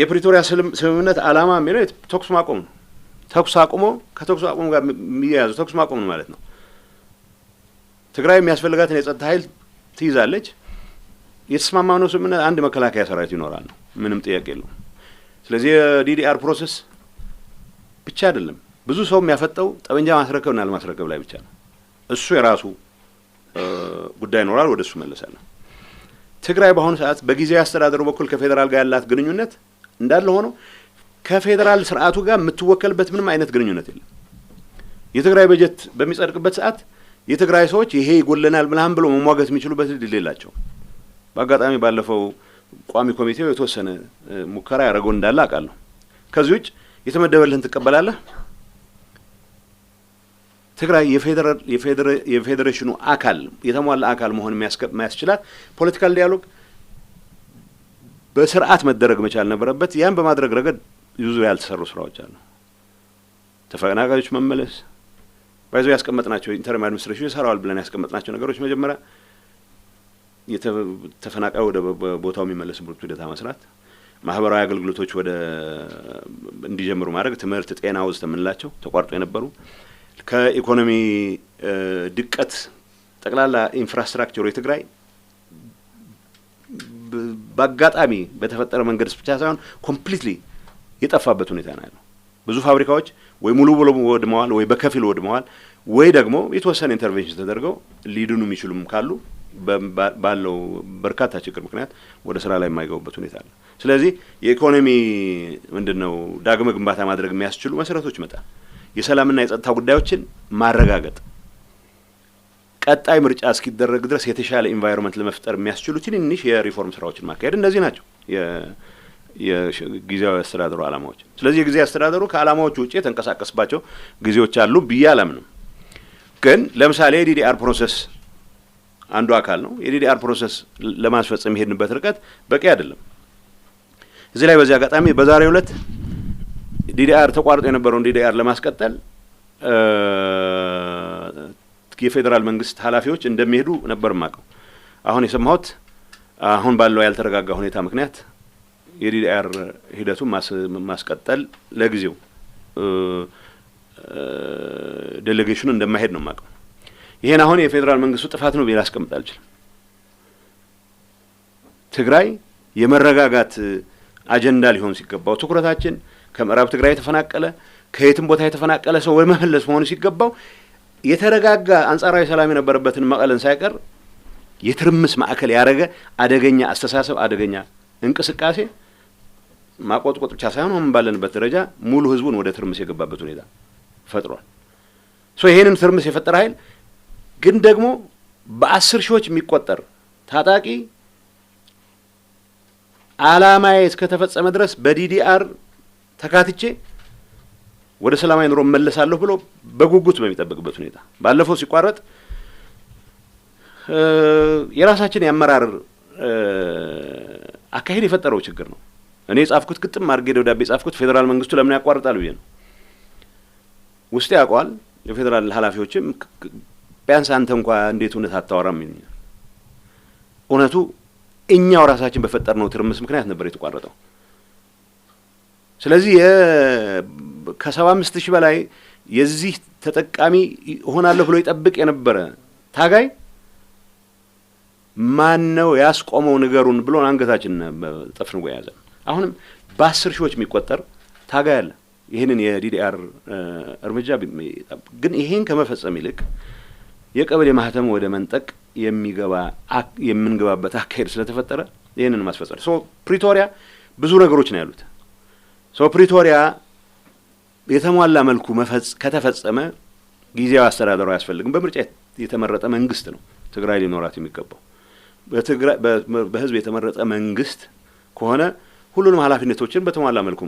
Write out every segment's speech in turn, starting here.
የፕሪቶሪያ ስምምነት አላማ የሚለው ተኩስ ማቆም ነው። ተኩስ አቁሞ ከተኩስ አቁም ጋር የሚያያዙ ተኩስ ማቆም ነው ማለት ነው። ትግራይ የሚያስፈልጋትን የጸጥታ ኃይል ትይዛለች። የተስማማነው ስምምነት አንድ መከላከያ ሰራዊት ይኖራል ነው፣ ምንም ጥያቄ የለውም። ስለዚህ የዲዲአር ፕሮሰስ ብቻ አይደለም ብዙ ሰው የሚያፈጠው ጠመንጃ ማስረከብና አለማስረከብ ላይ ብቻ ነው። እሱ የራሱ ጉዳይ ይኖራል፣ ወደ እሱ መለሳለሁ። ትግራይ በአሁኑ ሰዓት በጊዜያዊ አስተዳደሩ በኩል ከፌዴራል ጋር ያላት ግንኙነት እንዳለ ሆኖ ከፌዴራል ስርዓቱ ጋር የምትወከልበት ምንም አይነት ግንኙነት የለም። የትግራይ በጀት በሚጸድቅበት ሰዓት የትግራይ ሰዎች ይሄ ይጎለናል ምናምን ብሎ መሟገት የሚችሉበት ድል የላቸው። በአጋጣሚ ባለፈው ቋሚ ኮሚቴው የተወሰነ ሙከራ ያደረገው እንዳለ አውቃለሁ። ከዚህ ውጭ የተመደበልህን ትቀበላለህ። ትግራይ የፌዴሬሽኑ አካል የተሟላ አካል መሆን የሚያስችላት ፖለቲካል ዲያሎግ በስርዓት መደረግ መቻል ነበረበት። ያን በማድረግ ረገድ ብዙ ያልተሰሩ ስራዎች አሉ። ተፈናቃዮች መመለስ ባይዞ ያስቀመጥናቸው ኢንተርም አድሚኒስትሬሽን ይሰራዋል ብለን ያስቀመጥናቸው ነገሮች መጀመሪያ ተፈናቃዩ ወደ ቦታው የሚመለስበት ሂደታ መስራት፣ ማህበራዊ አገልግሎቶች ወደ እንዲጀምሩ ማድረግ፣ ትምህርት፣ ጤና ወዘተ የምንላቸው ተቋርጦ የነበሩ ከኢኮኖሚ ድቀት ጠቅላላ ኢንፍራስትራክቸሩ የትግራይ በአጋጣሚ በተፈጠረ መንገድ ብቻ ሳይሆን ኮምፕሊትሊ የጠፋበት ሁኔታ ነው ያለው። ብዙ ፋብሪካዎች ወይ ሙሉ ብሎ ወድመዋል፣ ወይ በከፊል ወድመዋል፣ ወይ ደግሞ የተወሰነ ኢንተርቬንሽን ተደርገው ሊድኑ የሚችሉም ካሉ ባለው በርካታ ችግር ምክንያት ወደ ስራ ላይ የማይገቡበት ሁኔታ አለ። ስለዚህ የኢኮኖሚ ምንድን ነው ዳግመ ግንባታ ማድረግ የሚያስችሉ መሰረቶች መጣ፣ የሰላምና የጸጥታ ጉዳዮችን ማረጋገጥ ቀጣይ ምርጫ እስኪደረግ ድረስ የተሻለ ኢንቫይሮንመንት ለመፍጠር የሚያስችሉ ትንንሽ የሪፎርም ስራዎችን ማካሄድ እነዚህ ናቸው የጊዜያዊ አስተዳደሩ አላማዎች። ስለዚህ የጊዜ አስተዳደሩ ከአላማዎቹ ውጭ የተንቀሳቀስባቸው ጊዜዎች አሉ ብዬ አላምንም። ግን ለምሳሌ የዲዲአር ፕሮሰስ አንዱ አካል ነው። የዲዲአር ፕሮሰስ ለማስፈጸም የሄድንበት ርቀት በቂ አይደለም። እዚህ ላይ በዚህ አጋጣሚ በዛሬው ዕለት ዲዲአር ተቋርጦ የነበረውን ዲዲአር ለማስቀጠል የፌዴራል መንግስት ኃላፊዎች እንደሚሄዱ ነበር ማቀው። አሁን የሰማሁት አሁን ባለው ያልተረጋጋ ሁኔታ ምክንያት የዲዲአር ሂደቱ ማስቀጠል ለጊዜው ዴሌጌሽኑ እንደማይሄድ ነው ማቀው። ይሄን አሁን የፌዴራል መንግስቱ ጥፋት ነው ብዬ ላስቀምጥ አልችልም። ትግራይ የመረጋጋት አጀንዳ ሊሆን ሲገባው ትኩረታችን ከምዕራብ ትግራይ የተፈናቀለ ከየትም ቦታ የተፈናቀለ ሰው ወይ መመለስ መሆኑ ሲገባው የተረጋጋ አንጻራዊ ሰላም የነበረበትን መቀለን ሳይቀር የትርምስ ማዕከል ያደረገ አደገኛ አስተሳሰብ፣ አደገኛ እንቅስቃሴ ማቆጥቆጥ ብቻ ሳይሆን አሁን ባለንበት ደረጃ ሙሉ ህዝቡን ወደ ትርምስ የገባበት ሁኔታ ፈጥሯል። ሶ ይሄንን ትርምስ የፈጠረ ኃይል ግን ደግሞ በአስር ሺዎች የሚቆጠር ታጣቂ አላማዬ እስከተፈጸመ ድረስ በዲዲአር ተካትቼ ወደ ሰላማዊ ኑሮ እመለሳለሁ ብሎ በጉጉት በሚጠብቅበት ሁኔታ ባለፈው ሲቋረጥ የራሳችን የአመራር አካሄድ የፈጠረው ችግር ነው። እኔ የጻፍኩት ግጥም አድርጌ ደብዳቤ የጻፍኩት ፌዴራል መንግስቱ ለምን ያቋርጣል ብዬ ነው። ውስጥ ያውቀዋል። የፌዴራል ኃላፊዎችም ቢያንስ አንተ እንኳ እንዴት እውነት አታወራም? እውነቱ እኛው ራሳችን በፈጠርነው ትርምስ ምክንያት ነበር የተቋረጠው። ስለዚህ ከሰባ አምስት ሺህ በላይ የዚህ ተጠቃሚ እሆናለሁ ብሎ ይጠብቅ የነበረ ታጋይ ማን ነው ያስቆመው ንገሩን ብሎን አንገታችን ጠፍንጎ የያዘ አሁንም በአስር ሺዎች የሚቆጠር ታጋይ አለ። ይህንን የዲዲአር እርምጃ ግን ይሄን ከመፈጸም ይልቅ የቀበሌ ማህተም ወደ መንጠቅ የሚገባ የምንገባበት አካሄድ ስለተፈጠረ ይህንን ማስፈጸም ሶ ፕሪቶሪያ ብዙ ነገሮች ነው ያሉት ሶ ፕሪቶሪያ የተሟላ መልኩ ከተፈጸመ ጊዜያዊ አስተዳደሩ አያስፈልግም። በምርጫ የተመረጠ መንግስት ነው ትግራይ ሊኖራት የሚገባው። በህዝብ የተመረጠ መንግስት ከሆነ ሁሉንም ኃላፊነቶችን በተሟላ መልኩ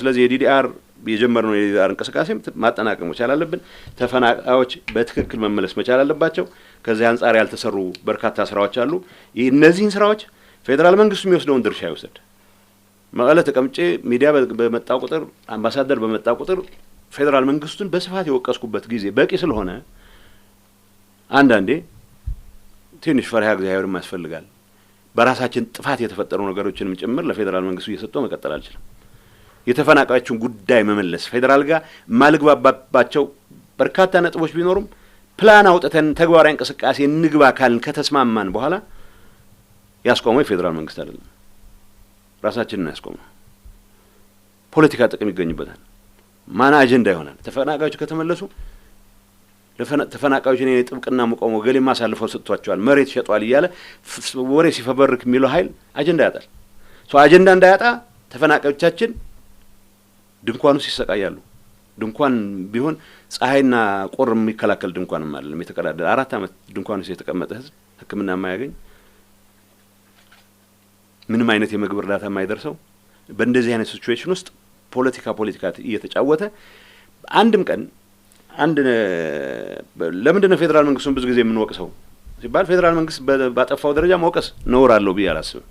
ስለዚህ የዲዲአር የጀመርነው የዲዲአር እንቅስቃሴም ማጠናቀቅ መቻል አለብን። ተፈናቃዮች በትክክል መመለስ መቻል አለባቸው። ከዚህ አንጻር ያልተሰሩ በርካታ ስራዎች አሉ። እነዚህን ስራዎች ፌዴራል መንግስቱ የሚወስደውን ድርሻ ይውሰድ። መቀለ ተቀምጬ ሚዲያ በመጣ ቁጥር አምባሳደር በመጣ ቁጥር ፌዴራል መንግስቱን በስፋት የወቀስኩበት ጊዜ በቂ ስለሆነ አንዳንዴ ትንሽ ፈሪሃ እግዚአብሔርም ያስፈልጋል። በራሳችን ጥፋት የተፈጠሩ ነገሮችንም ጭምር ለፌዴራል መንግስቱ እየሰጠው መቀጠል አልችልም። የተፈናቃዮችን ጉዳይ መመለስ ፌዴራል ጋር ማልግባባባቸው በርካታ ነጥቦች ቢኖሩም ፕላን አውጥተን ተግባራዊ እንቅስቃሴ እንግባ ካልን ከተስማማን በኋላ ያስቆመው የፌዴራል መንግስት አይደለም። ራሳችንን ያስቆሙ። ፖለቲካ ጥቅም ይገኝበታል። ማና አጀንዳ ይሆናል። ተፈናቃዮቹ ከተመለሱ ተፈናቃዮች እኔ ጥብቅና መቆም ገሌ ማሳልፈው ሰጥቷቸዋል፣ መሬት ሸጧል እያለ ወሬ ሲፈበርክ የሚለው ኃይል አጀንዳ ያጣል። አጀንዳ እንዳያጣ ተፈናቃዮቻችን ድንኳን ውስጥ ይሰቃያሉ። ድንኳን ቢሆን ፀሐይና ቁር የሚከላከል ድንኳንም አለ የተቀዳደ አራት ዓመት ድንኳን ውስጥ የተቀመጠ ህዝብ ህክምና የማያገኝ ምንም አይነት የምግብ እርዳታ የማይደርሰው በእንደዚህ አይነት ሲትዌሽን ውስጥ ፖለቲካ ፖለቲካ እየተጫወተ አንድም ቀን አንድ ለምንድን ነው ፌዴራል መንግስቱን ብዙ ጊዜ የምንወቅሰው ሲባል ፌዴራል መንግስት ባጠፋው ደረጃ መውቀስ ነውር አለው ብዬ አላስብም።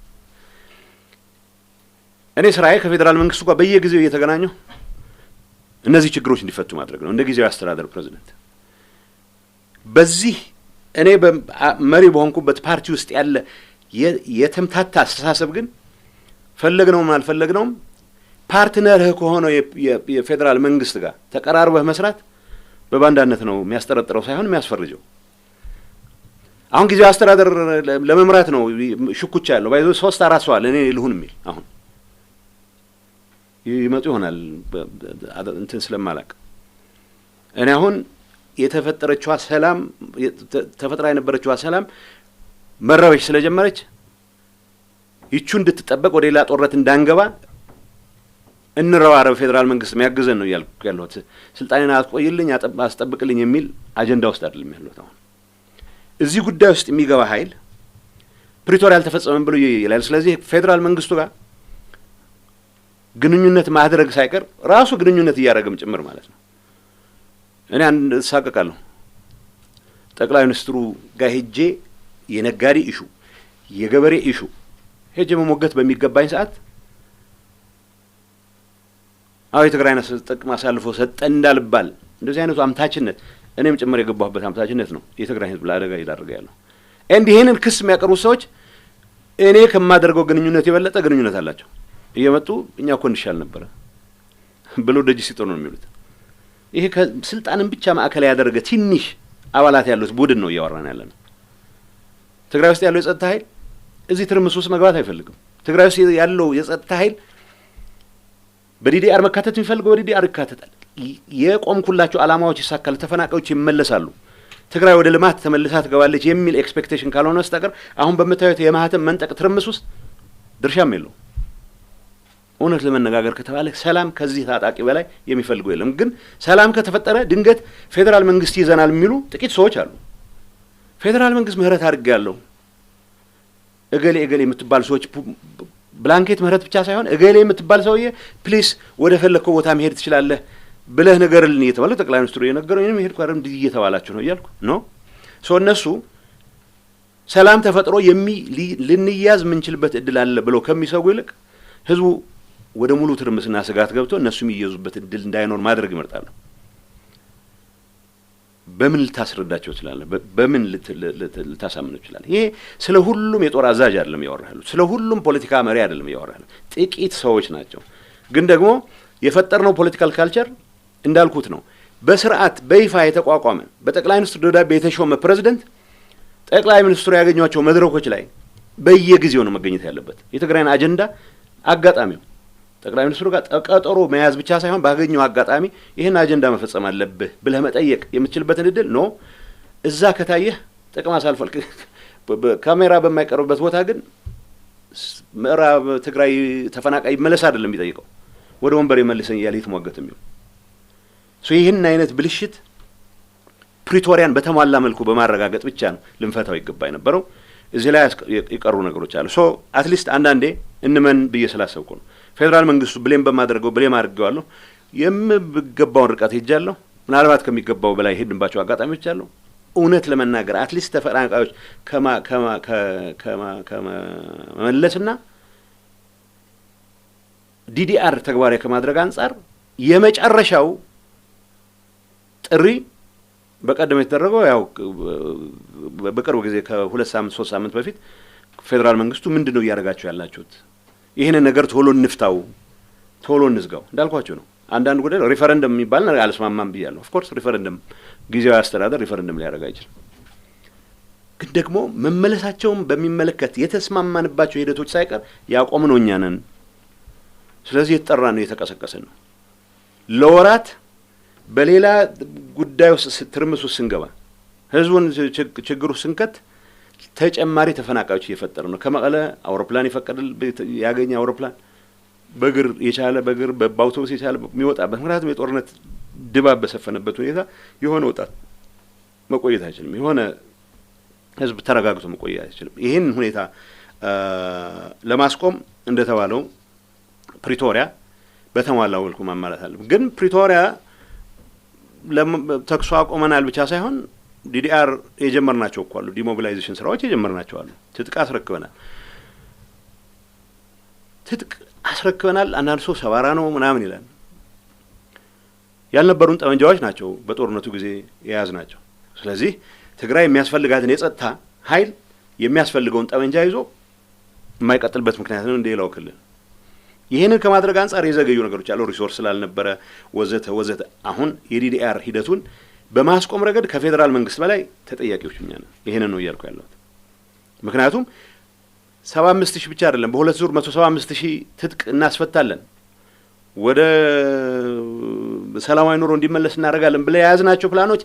እኔ ስራዬ ከፌዴራል መንግስቱ ጋር በየጊዜው እየተገናኘሁ እነዚህ ችግሮች እንዲፈቱ ማድረግ ነው እንደ ጊዜያዊ አስተዳደር ፕሬዚደንት። በዚህ እኔ መሪ በሆንኩበት ፓርቲ ውስጥ ያለ የተምታታ አስተሳሰብ ግን ፈለግነውም አልፈለግነውም ፓርትነርህ ከሆነው የፌዴራል መንግስት ጋር ተቀራርበህ መስራት በባንዳነት ነው የሚያስጠረጥረው ሳይሆን የሚያስፈርጀው። አሁን ጊዜው አስተዳደር ለመምራት ነው ሽኩቻ ያለው ባይዞ ሶስት አራት ሰዋል እኔ ልሁን የሚል አሁን ይመጡ ይሆናል እንትን ስለማላቅ እኔ አሁን የተፈጠረችዋ ሰላም ተፈጥራ የነበረችዋ ሰላም መረበሽ ስለጀመረች ይቹ እንድትጠበቅ ወደ ሌላ ጦርነት እንዳንገባ እንረባረብ፣ ፌዴራል መንግስት የሚያግዘን ነው እያልኩ ያለሁት ስልጣኔን አስቆይልኝ አስጠብቅልኝ የሚል አጀንዳ ውስጥ አይደለም ያለሁት። አሁን እዚህ ጉዳይ ውስጥ የሚገባ ሀይል ፕሪቶሪያ አልተፈጸመም ብሎ ይላል። ስለዚህ ፌዴራል መንግስቱ ጋር ግንኙነት ማድረግ ሳይቀር ራሱ ግንኙነት እያደረገም ጭምር ማለት ነው። እኔ አንድ እሳቀቃለሁ ጠቅላይ ሚኒስትሩ ጋር ሄጄ የነጋዴ ኢሹ፣ የገበሬ ኢሹ ሄጀ መሞገት በሚገባኝ ሰዓት አዎ የትግራይን ጥቅም አሳልፎ ሰጠ እንዳልባል እንደዚህ አይነቱ አምታችነት እኔም ጭምር የገባሁበት አምታችነት ነው የትግራይ ህዝብ ለአደጋ እየዳረገ ያለው። እንዲህ ይህንን ክስ የሚያቀርቡት ሰዎች እኔ ከማደርገው ግንኙነት የበለጠ ግንኙነት አላቸው። እየመጡ እኛ እኮ እንሻል ነበረ ብሎ ደጅ ሲጥሩ ነው የሚሉት። ይሄ ከስልጣንን ብቻ ማዕከል ያደረገ ትንሽ አባላት ያሉት ቡድን ነው እያወራን ያለ ነው። ትግራይ ውስጥ ያለው የጸጥታ ኃይል እዚህ ትርምስ ውስጥ መግባት አይፈልግም። ትግራይ ውስጥ ያለው የጸጥታ ኃይል በዲዲአር መካተት የሚፈልገው በዲዲአር ይካተታል። የቆምኩላቸው አላማዎች ይሳካል፣ ተፈናቃዮች ይመለሳሉ፣ ትግራይ ወደ ልማት ተመልሳ ትገባለች የሚል ኤክስፔክቴሽን ካልሆነ በስተቀር አሁን በምታዩት የማህተም መንጠቅ ትርምስ ውስጥ ድርሻም የለው። እውነት ለመነጋገር ከተባለ ሰላም ከዚህ ታጣቂ በላይ የሚፈልገው የለም። ግን ሰላም ከተፈጠረ ድንገት ፌዴራል መንግስት ይዘናል የሚሉ ጥቂት ሰዎች አሉ። ፌዴራል መንግስት ምህረት አድርጌያለሁ እገሌ እገሌ የምትባል ሰዎች ብላንኬት ምህረት ብቻ ሳይሆን እገሌ የምትባል ሰውዬ ፕሊስ ወደ ፈለግከው ቦታ መሄድ ትችላለህ ብለህ ንገርልን እየተባለ ጠቅላይ ሚኒስትሩ የነገረው ይህም ሄድ ኳርም እንዲህ እየተባላችሁ ነው እያልኩ ኖ ሰው እነሱ ሰላም ተፈጥሮ የሚ ልንያዝ የምንችልበት እድል አለ ብለው ከሚሰጉ ይልቅ ህዝቡ ወደ ሙሉ ትርምስና ስጋት ገብቶ እነሱ የሚየዙበት እድል እንዳይኖር ማድረግ ይመርጣሉ። በምን ልታስረዳቸው ይችላል? በምን ልታሳምነው ይችላል? ይሄ ስለ ሁሉም የጦር አዛዥ አይደለም ያወራሉ፣ ስለ ሁሉም ፖለቲካ መሪ አይደለም ያወራሉ። ጥቂት ሰዎች ናቸው። ግን ደግሞ የፈጠርነው ፖለቲካል ካልቸር እንዳልኩት ነው። በስርዓት በይፋ የተቋቋመ በጠቅላይ ሚኒስትር ደብዳቤ የተሾመ ፕሬዚደንት ጠቅላይ ሚኒስትሩ ያገኟቸው መድረኮች ላይ በየጊዜው ነው መገኘት ያለበት። የትግራይን አጀንዳ አጋጣሚው ጠቅላይ ሚኒስትሩ ጋር ቀጠሮ መያዝ ብቻ ሳይሆን ባገኘው አጋጣሚ ይህን አጀንዳ መፈጸም አለብህ ብለህ መጠየቅ የምትችልበትን እድል ኖ እዛ ከታየህ ጥቅም አሳልፏል። ካሜራ በማይቀርብበት ቦታ ግን ምዕራብ ትግራይ ተፈናቃይ መለስ አይደለም የሚጠይቀው ወደ ወንበር የመልሰኝ እያለ የተሟገት የሚሆን ይህን አይነት ብልሽት ፕሪቶሪያን በተሟላ መልኩ በማረጋገጥ ብቻ ነው ልንፈታው ይገባ የነበረው። እዚህ ላይ የቀሩ ነገሮች አሉ። ሶ አትሊስት አንዳንዴ እንመን ብዬ ስላሰብኩ ነው። ፌዴራል መንግስቱ ብሌም በማድረገው ብሌም አድርገዋለሁ። የምገባውን ርቀት ሄጃለሁ። ምናልባት ከሚገባው በላይ ሄድንባቸው አጋጣሚዎች አሉ። እውነት ለመናገር አትሊስት ተፈናቃዮች ከመመለስና ዲዲአር ተግባራዊ ከማድረግ አንጻር የመጨረሻው ጥሪ በቀደም የተደረገው ያው በቅርብ ጊዜ ከሁለት ሳምንት ሶስት ሳምንት በፊት ፌዴራል መንግስቱ ምንድን ነው እያደረጋችሁ ያላችሁት ይህን ነገር ቶሎ እንፍታው፣ ቶሎ እንዝጋው እንዳልኳቸው ነው። አንዳንድ ጉዳይ ሪፈረንደም የሚባል አልስማማም ብያለሁ። ኦፍኮርስ ሪፈረንደም ጊዜያዊ አስተዳደር ሪፈረንደም ሊያደርግ አይችልም። ግን ደግሞ መመለሳቸውን በሚመለከት የተስማማንባቸው ሂደቶች ሳይቀር ያቆምነው እኛ ስለዚህ የተጠራ ነው የተቀሰቀሰን ነው። ለወራት በሌላ ጉዳይ ውስጥ ትርምስ ውስጥ ስንገባ ህዝቡን ችግሩ ስንከት ተጨማሪ ተፈናቃዮች እየፈጠረ ነው። ከመቀለ አውሮፕላን ይፈቀድል ያገኘ አውሮፕላን በእግር የቻለ በእግር በአውቶቡስ የቻለ የሚወጣበት ምክንያቱም የጦርነት ድባብ በሰፈነበት ሁኔታ የሆነ ወጣት መቆየት አይችልም። የሆነ ህዝብ ተረጋግቶ መቆየት አይችልም። ይህን ሁኔታ ለማስቆም እንደተባለው ፕሪቶሪያ በተሟላ መልኩ ማማለት አለ። ግን ፕሪቶሪያ ተኩስ አቆመናል ብቻ ሳይሆን ዲዲአር የጀመርናቸው እኮ አሉ። ዲሞቢላይዜሽን ስራዎች የጀመርናቸው አሉ። ትጥቅ አስረክበናል። ትጥቅ አስረክበናል። አንዳንድ ሰው ሰባራ ነው ምናምን ይላል። ያልነበሩን ጠመንጃዎች ናቸው በጦርነቱ ጊዜ የያዝ ናቸው። ስለዚህ ትግራይ የሚያስፈልጋትን የጸጥታ ኃይል የሚያስፈልገውን ጠመንጃ ይዞ የማይቀጥልበት ምክንያት ነው እንደ ሌላው ክልል። ይህንን ከማድረግ አንጻር የዘገዩ ነገሮች አሉ፣ ሪሶርስ ስላልነበረ ወዘተ ወዘተ። አሁን የዲዲአር ሂደቱን በማስቆም ረገድ ከፌዴራል መንግስት በላይ ተጠያቂዎች እኛ ነን። ይህንን ነው እያልኩ ያለሁት። ምክንያቱም ሰባ አምስት ሺህ ብቻ አይደለም፣ በሁለት ዙር መቶ ሰባ አምስት ሺህ ትጥቅ እናስፈታለን ወደ ሰላማዊ ኑሮ እንዲመለስ እናደርጋለን ብለ የያዝናቸው ፕላኖች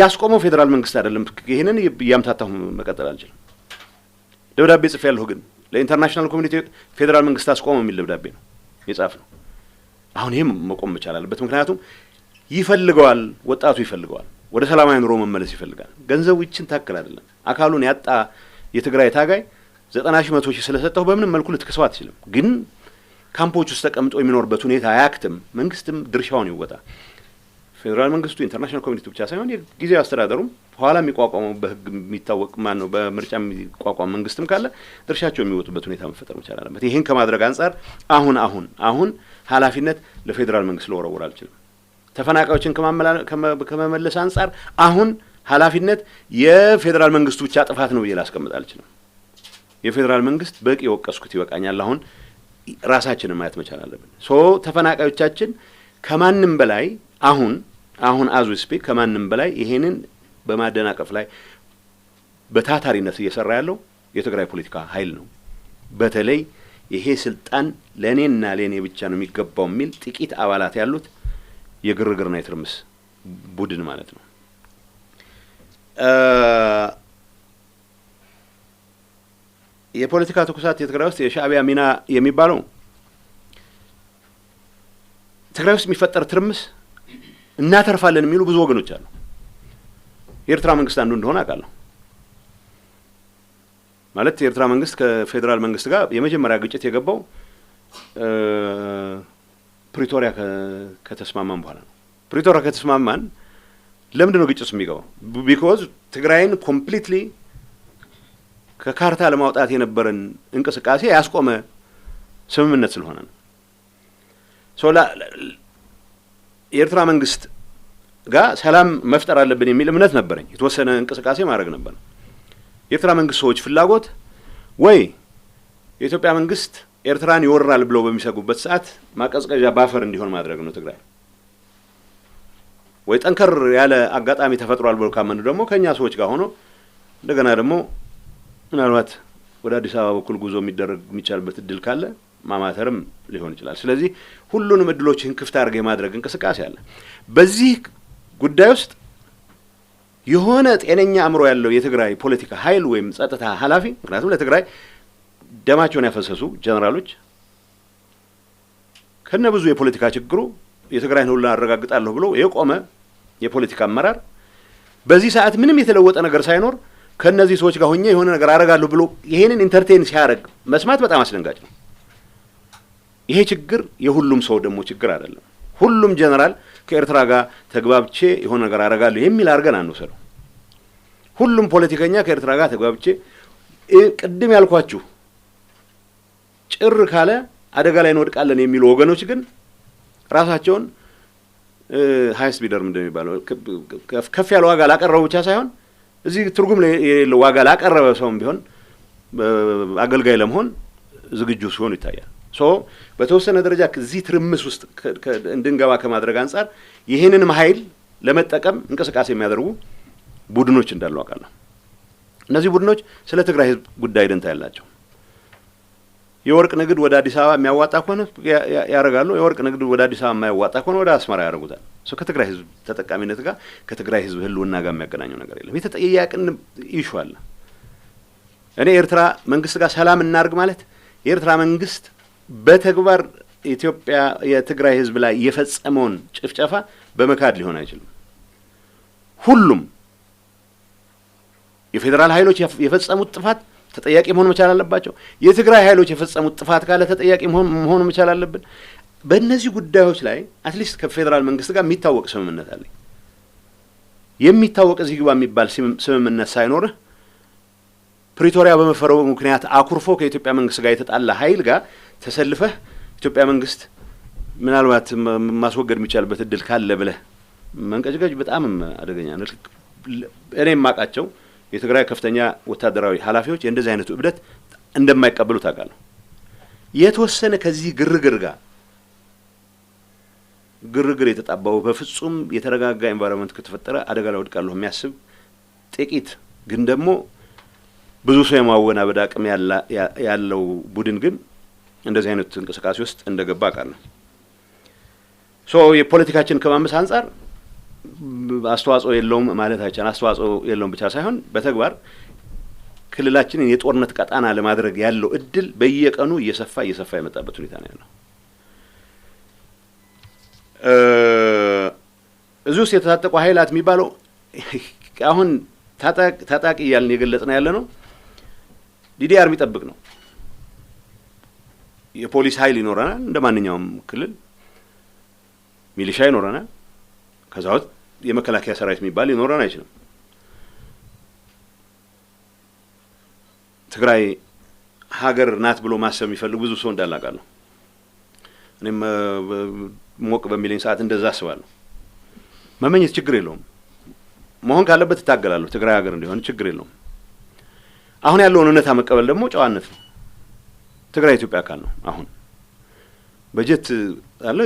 ያስቆመው ፌዴራል መንግስት አይደለም። ይህንን እያምታታሁ መቀጠል አልችልም። ደብዳቤ ጽፌ ያለሁ ግን ለኢንተርናሽናል ኮሚኒቲ ፌዴራል መንግስት አስቆመው የሚል ደብዳቤ ነው የጻፍ ነው። አሁን ይህም መቆም መቻል አለበት። ምክንያቱም ይፈልገዋል፣ ወጣቱ ይፈልገዋል። ወደ ሰላማዊ ኑሮ መመለስ ይፈልጋል። ገንዘቡ ይችን ታክል አይደለም። አካሉን ያጣ የትግራይ ታጋይ ዘጠና ሺህ መቶ ሺህ ስለሰጠሁ በምንም መልኩ ልትክሰው አትችልም። ግን ካምፖች ውስጥ ተቀምጦ የሚኖርበት ሁኔታ አያክትም። መንግስትም ድርሻውን ይወጣ። ፌዴራል መንግስቱ ኢንተርናሽናል ኮሚኒቲ ብቻ ሳይሆን የጊዜያዊ አስተዳደሩም በኋላ የሚቋቋመው በህግ የሚታወቅ ማን ነው በምርጫ የሚቋቋም መንግስትም ካለ ድርሻቸው የሚወጡበት ሁኔታ መፈጠር መቻል አለበት። ይህን ከማድረግ አንጻር አሁን አሁን አሁን ኃላፊነት ለፌዴራል መንግስት ልወረውር አልችልም። ተፈናቃዮችን ከመመለስ አንጻር አሁን ኃላፊነት የፌዴራል መንግስቱ ብቻ ጥፋት ነው ብዬ ላስቀምጥ አልችልም። የፌዴራል መንግስት በቂ የወቀስኩት ይበቃኛል። አሁን ራሳችንን ማየት መቻል አለብን። ሶ ተፈናቃዮቻችን ከማንም በላይ አሁን አሁን አዙ ስፔክ ከማንም በላይ ይሄንን በማደናቀፍ ላይ በታታሪነት እየሰራ ያለው የትግራይ ፖለቲካ ኃይል ነው። በተለይ ይሄ ስልጣን ለእኔና ለእኔ ብቻ ነው የሚገባው የሚል ጥቂት አባላት ያሉት የግርግርና የትርምስ ቡድን ማለት ነው። የፖለቲካ ትኩሳት የትግራይ ውስጥ የሻእቢያ ሚና የሚባለው ትግራይ ውስጥ የሚፈጠር ትርምስ እናተርፋለን የሚሉ ብዙ ወገኖች አሉ። የኤርትራ መንግስት አንዱ እንደሆነ አውቃለሁ። ማለት የኤርትራ መንግስት ከፌዴራል መንግስት ጋር የመጀመሪያ ግጭት የገባው ፕሪቶሪያ ከተስማማን በኋላ ነው። ፕሪቶሪያ ከተስማማን ለምንድን ነው ግጭት የሚገባው? ቢኮዝ ትግራይን ኮምፕሊትሊ ከካርታ ለማውጣት የነበረን እንቅስቃሴ ያስቆመ ስምምነት ስለሆነ ነው። የኤርትራ መንግስት ጋር ሰላም መፍጠር አለብን የሚል እምነት ነበረኝ። የተወሰነ እንቅስቃሴ ማድረግ ነበር። የኤርትራ መንግስት ሰዎች ፍላጎት ወይ የኢትዮጵያ መንግስት ኤርትራን ይወራል ብለው በሚሰጉበት ሰዓት ማቀዝቀዣ ባፈር እንዲሆን ማድረግ ነው ትግራይ። ወይ ጠንከር ያለ አጋጣሚ ተፈጥሯል ብሎ ካመኑ ደግሞ ከእኛ ሰዎች ጋር ሆኖ እንደገና ደግሞ ምናልባት ወደ አዲስ አበባ በኩል ጉዞ የሚደረግ የሚቻልበት እድል ካለ ማማተርም ሊሆን ይችላል። ስለዚህ ሁሉንም እድሎችን ክፍት አድርገ የማድረግ እንቅስቃሴ አለ። በዚህ ጉዳይ ውስጥ የሆነ ጤነኛ አእምሮ ያለው የትግራይ ፖለቲካ ኃይል ወይም ጸጥታ ኃላፊ ምክንያቱም ለትግራይ ደማቸውን ያፈሰሱ ጀነራሎች ከነ ብዙ የፖለቲካ ችግሩ የትግራይን ሁሉ አረጋግጣለሁ ብሎ የቆመ የፖለቲካ አመራር በዚህ ሰዓት ምንም የተለወጠ ነገር ሳይኖር ከነዚህ ሰዎች ጋር ሆኜ የሆነ ነገር አረጋለሁ ብሎ ይሄንን ኢንተርቴን ሲያደርግ መስማት በጣም አስደንጋጭ ነው። ይሄ ችግር የሁሉም ሰው ደግሞ ችግር አይደለም። ሁሉም ጀነራል ከኤርትራ ጋር ተግባብቼ የሆነ ነገር አረጋለሁ የሚል አድርገን አንውሰደው። ሁሉም ፖለቲከኛ ከኤርትራ ጋር ተግባብቼ ቅድም ያልኳችሁ ጭር ካለ አደጋ ላይ እንወድቃለን የሚሉ ወገኖች ግን ራሳቸውን ሀይስ ቢደርም እንደሚባለው ከፍ ያለ ዋጋ ላቀረቡ ብቻ ሳይሆን እዚህ ትርጉም የሌለው ዋጋ ላቀረበ ሰውም ቢሆን አገልጋይ ለመሆን ዝግጁ ሲሆኑ ይታያል። ሶ በተወሰነ ደረጃ እዚህ ትርምስ ውስጥ እንድንገባ ከማድረግ አንጻር ይህንንም ኃይል ለመጠቀም እንቅስቃሴ የሚያደርጉ ቡድኖች እንዳሉ አውቃለሁ። እነዚህ ቡድኖች ስለ ትግራይ ህዝብ ጉዳይ ደንታ ያላቸው የወርቅ ንግድ ወደ አዲስ አበባ የሚያዋጣ ከሆነ ያደርጋሉ። የወርቅ ንግድ ወደ አዲስ አበባ የማያዋጣ ከሆነ ወደ አስመራ ያደርጉታል። ከትግራይ ህዝብ ተጠቃሚነት ጋር ከትግራይ ህዝብ ህልውና ጋር የሚያገናኘው ነገር የለም። የተጠያቂን ይሹ አለ። እኔ ኤርትራ መንግስት ጋር ሰላም እናርግ ማለት የኤርትራ መንግስት በተግባር ኢትዮጵያ የትግራይ ህዝብ ላይ የፈጸመውን ጭፍጨፋ በመካድ ሊሆን አይችልም። ሁሉም የፌዴራል ኃይሎች የፈጸሙት ጥፋት ተጠያቂ መሆን መቻል አለባቸው። የትግራይ ኃይሎች የፈጸሙት ጥፋት ካለ ተጠያቂ መሆን መቻል አለብን። በእነዚህ ጉዳዮች ላይ አትሊስት ከፌዴራል መንግስት ጋር የሚታወቅ ስምምነት አለ። የሚታወቅ እዚህ ግባ የሚባል ስምምነት ሳይኖርህ ፕሪቶሪያ በመፈረቡ ምክንያት አኩርፎ ከኢትዮጵያ መንግስት ጋር የተጣላ ኃይል ጋር ተሰልፈህ ኢትዮጵያ መንግስት ምናልባት ማስወገድ የሚቻልበት እድል ካለ ብለህ መንቀጭቀጭ በጣም አደገኛ ነው። እኔ የማውቃቸው የትግራይ ከፍተኛ ወታደራዊ ኃላፊዎች የእንደዚህ አይነቱ እብደት እንደማይቀበሉ ታውቃለሁ። የተወሰነ ከዚህ ግርግር ጋር ግርግር የተጣባው በፍጹም የተረጋጋ ኤንቫይሮንመንት ከተፈጠረ አደጋ ላይ ወድቃለሁ የሚያስብ ጥቂት ግን ደግሞ ብዙ ሰው የማወናበድ አቅም ያለው ቡድን ግን እንደዚህ አይነት እንቅስቃሴ ውስጥ እንደገባ አውቃለሁ። ሶ የፖለቲካችን ከማመስ አንጻር አስተዋጽኦ የለውም ማለት አይቻል። አስተዋጽኦ የለውም ብቻ ሳይሆን በተግባር ክልላችንን የጦርነት ቀጣና ለማድረግ ያለው እድል በየቀኑ እየሰፋ እየሰፋ የመጣበት ሁኔታ ነው ያለው። እዚህ ውስጥ የተታጠቁ ኃይላት የሚባለው አሁን ታጣቂ እያልን ነው ያለ ነው። ዲዲአር የሚጠብቅ ነው። የፖሊስ ኃይል ይኖረናል፣ እንደ ማንኛውም ክልል ሚሊሻ ይኖረናል። ከዛ ውስጥ የመከላከያ ሰራዊት የሚባል ሊኖረን አይችልም። ትግራይ ሀገር ናት ብሎ ማሰብ የሚፈልግ ብዙ ሰው እንዳላቃለሁ። እኔም ሞቅ በሚለኝ ሰዓት እንደዛ አስባለሁ። መመኘት ችግር የለውም። መሆን ካለበት እታገላለሁ። ትግራይ ሀገር እንዲሆን ችግር የለውም። አሁን ያለውን እውነታ መቀበል ደግሞ ጨዋነት ነው። ትግራይ ኢትዮጵያ አካል ነው። አሁን በጀት አለ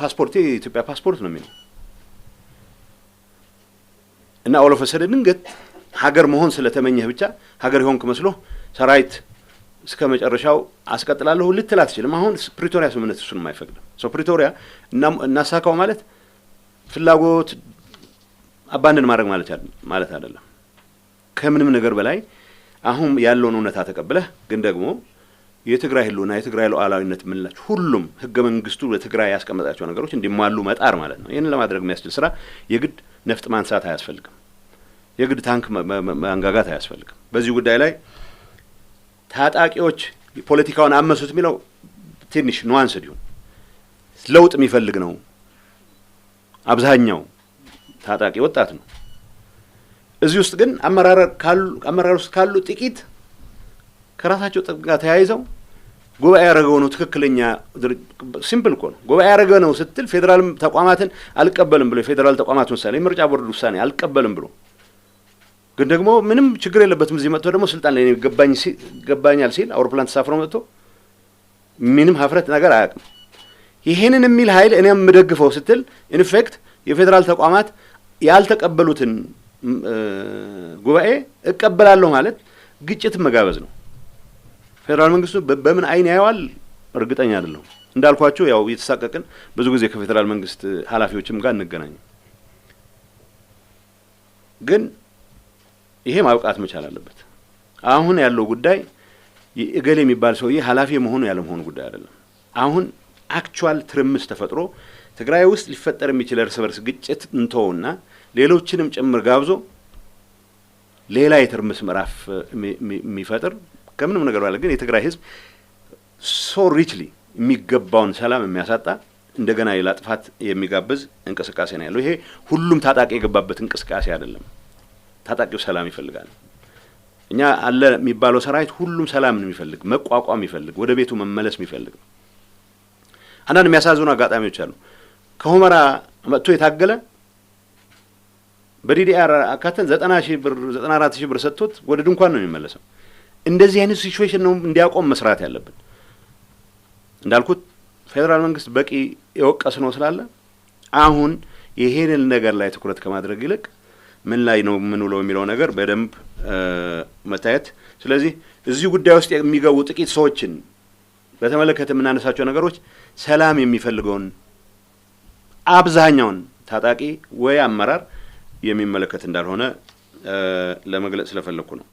ፓስፖርቴ የኢትዮጵያ ፓስፖርት ነው የሚለው እና ኦሎፈሰደ ድንገት ሀገር መሆን ስለተመኘህ ብቻ ሀገር የሆንክ መስሎ ሰራዊት እስከ መጨረሻው አስቀጥላለሁ ልትል አትችልም። አሁን ፕሪቶሪያ ስምምነት እሱን የማይፈቅድም ሰው ፕሪቶሪያ እናሳካው ማለት ፍላጎት አባንድን ማድረግ ማለት አይደለም። ከምንም ነገር በላይ አሁን ያለውን እውነታ ተቀብለህ ግን ደግሞ የትግራይ ህልውና የትግራይ ሉዓላዊነት የምንላቸው ሁሉም ህገ መንግስቱ ለትግራይ ያስቀመጣቸው ነገሮች እንዲሟሉ መጣር ማለት ነው። ይህንን ለማድረግ የሚያስችል ስራ የግድ ነፍጥ ማንሳት አያስፈልግም። የግድ ታንክ ማንጋጋት አያስፈልግም። በዚህ ጉዳይ ላይ ታጣቂዎች ፖለቲካውን አመሱት የሚለው ትንሽ ኑዋንስ እንዲሁም ለውጥ የሚፈልግ ነው። አብዛኛው ታጣቂ ወጣት ነው። እዚህ ውስጥ ግን አመራር ውስጥ ካሉ ጥቂት ከራሳቸው ጥቅም ጋር ተያይዘው ጉባኤ ያደረገው ነው ትክክለኛ ሲምፕል እኮ ነው። ጉባኤ ያደረገ ነው ስትል ፌዴራል ተቋማትን አልቀበልም ብሎ የፌዴራል ተቋማት ውሳኔ፣ የምርጫ ቦርድ ውሳኔ አልቀበልም ብሎ ግን ደግሞ ምንም ችግር የለበትም እዚህ መጥቶ ደግሞ ስልጣን ላይ ገባኛል ሲል አውሮፕላን ተሳፍሮ መጥቶ ምንም ሀፍረት ነገር አያውቅም። ይህንን የሚል ኃይል እኔም የምደግፈው ስትል ኢንፌክት የፌዴራል ተቋማት ያልተቀበሉትን ጉባኤ እቀበላለሁ ማለት ግጭት መጋበዝ ነው። ፌዴራል መንግስቱ በምን አይን ያየዋል እርግጠኛ አይደለሁ። እንዳልኳቸው ያው እየተሳቀቅን ብዙ ጊዜ ከፌዴራል መንግስት ኃላፊዎችም ጋር እንገናኝ፣ ግን ይሄ ማብቃት መቻል አለበት። አሁን ያለው ጉዳይ እገሌ የሚባል ሰውዬ ኃላፊ መሆኑ ያለመሆኑ ጉዳይ አይደለም። አሁን አክቹዋል ትርምስ ተፈጥሮ ትግራይ ውስጥ ሊፈጠር የሚችል እርስ በርስ ግጭት እንተውና ሌሎችንም ጭምር ጋብዞ ሌላ የትርምስ ምዕራፍ የሚፈጥር ከምንም ነገር ባለ ግን የትግራይ ህዝብ ሶ ሪችሊ የሚገባውን ሰላም የሚያሳጣ እንደገና ሌላ ጥፋት የሚጋብዝ እንቅስቃሴ ነው ያለው። ይሄ ሁሉም ታጣቂ የገባበት እንቅስቃሴ አይደለም። ታጣቂው ሰላም ይፈልጋል። እኛ አለ የሚባለው ሰራዊት ሁሉም ነው የሚፈልግ መቋቋም የሚፈልግ ወደ ቤቱ መመለስ የሚፈልግ ነው። አንዳንድ የሚያሳዝኑ አጋጣሚዎች አሉ። ከሁመራ መጥቶ የታገለ በዲዲአር አካተን ዘጠና ሺህ ብር ዘጠና አራት ሺህ ብር ሰጥቶት ወደ ድንኳን ነው የሚመለሰው። እንደዚህ አይነት ሲቹዌሽን ነው እንዲያቆም መስራት ያለብን። እንዳልኩት ፌዴራል መንግስት በቂ የወቀስ ነው ስላለ አሁን ይሄንን ነገር ላይ ትኩረት ከማድረግ ይልቅ ምን ላይ ነው የምንውለው የሚለው ነገር በደንብ መታየት። ስለዚህ እዚህ ጉዳይ ውስጥ የሚገቡ ጥቂት ሰዎችን በተመለከተ የምናነሳቸው ነገሮች ሰላም የሚፈልገውን አብዛኛውን ታጣቂ ወይ አመራር የሚመለከት እንዳልሆነ ለመግለጽ ስለፈለግኩ ነው።